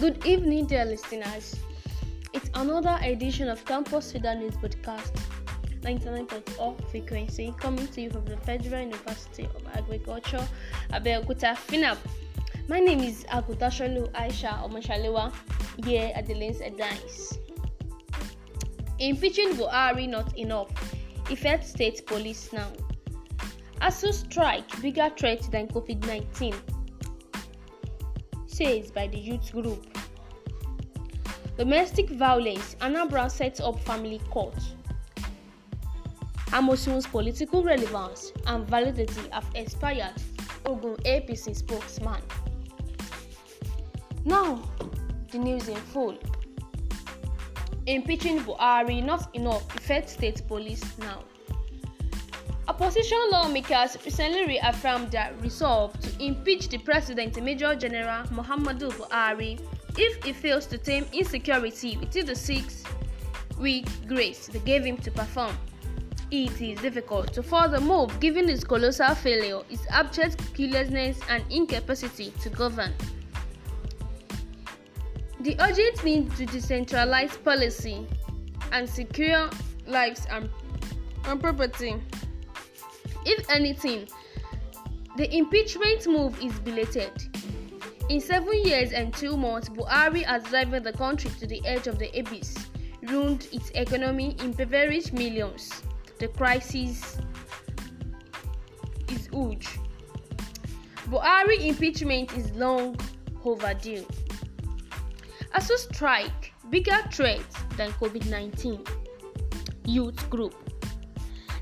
Good evening, dear listeners. It's another edition of Campus Sudan News Podcast, 99.0 frequency, coming to you from the Federal University of Agriculture, Abeokuta, FINAP. My name is Agutasholu Aisha Omashalewa, here at the Lens Advice. Impeaching Buhari not enough, Effect State Police now. ASU strike bigger threat than COVID 19 says by the youth group. Domestic violence Anambra sets up family court. Amosun's political relevance and validity have expired, Ogun APC spokesman. Now, the news in full. Impeaching Buhari not enough, effect state police now. Opposition lawmakers recently reaffirmed their resolve to impeach the president, Major General Muhammadu Buhari, if he fails to tame insecurity within the six week grace they gave him to perform. It is difficult to further move given his colossal failure, his abject carelessness, and incapacity to govern. The urgent need to decentralize policy and secure lives and, and property. If anything, the impeachment move is belated. In seven years and two months, Buhari has driven the country to the edge of the abyss, ruined its economy, impoverished millions. The crisis is huge. Buhari impeachment is long overdue. ASU strike bigger threat than COVID 19. Youth group.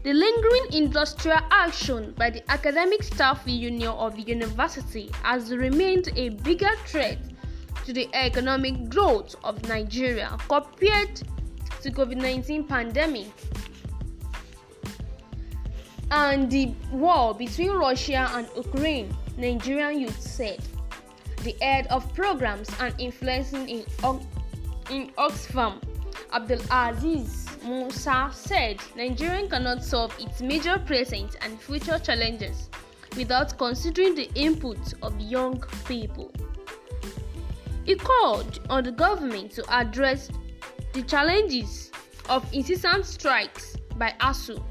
The lingering industrial action by the academic staff union of the university has remained a bigger threat to the economic growth of Nigeria compared to COVID-19 pandemic and the war between Russia and Ukraine, Nigerian youth said. The head of programs and influencing in, in Oxfam, Abdul Aziz Musa said Nigeria cannot solve its major present and future challenges without considering the input of young people. He called on the government to address the challenges of incessant strikes by ASU.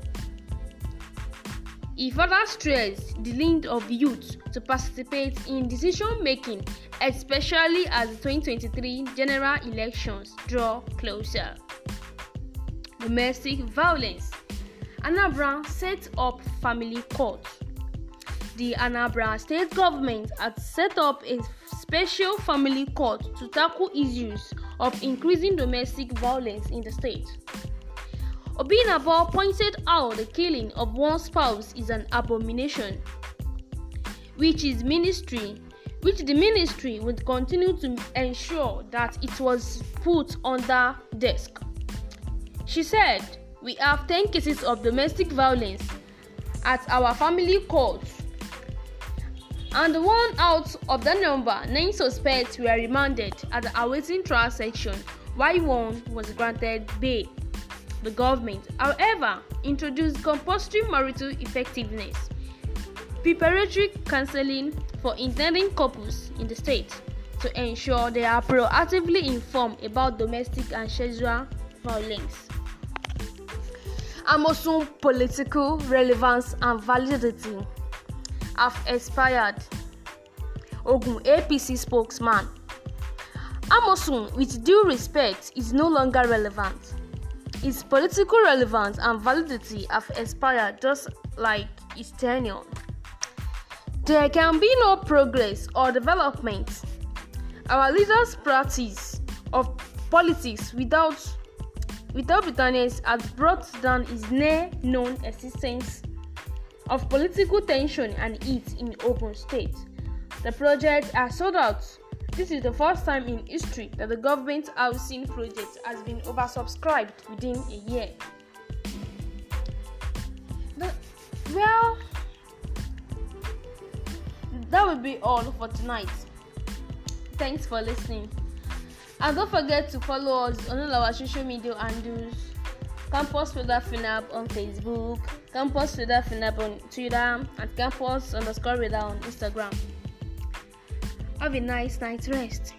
He further stressed the need of youth to participate in decision making, especially as the 2023 general elections draw closer domestic violence. Anambra set up family court. The Anambra state government has set up a special family court to tackle issues of increasing domestic violence in the state. Obinabo pointed out the killing of one spouse is an abomination, which is ministry, which the ministry would continue to ensure that it was put on the desk. She said, We have 10 cases of domestic violence at our family court, and one out of the number, nine suspects were remanded at the awaiting trial section, while one was granted bail. The government, however, introduced compulsory marital effectiveness, preparatory counseling for intending couples in the state to ensure they are proactively informed about domestic and sexual violence. Amosum political relevance and validity have expired. Ogun APC spokesman. Amosun, with due respect, is no longer relevant. Its political relevance and validity have expired just like its tenure. There can be no progress or development. Our leaders practice of politics without without bitterness has brought down his near known existence of political tension and heat in open state. The projects are sold out. This is the first time in history that the government housing project has been oversubscribed within a year. The, well, that will be all for tonight. Thanks for listening. And don't forget to follow us on all our social media handles Campus Radar Finab on Facebook, Campus Radar Finab on Twitter, and Campus underscore Radar on Instagram. Have a nice night's rest.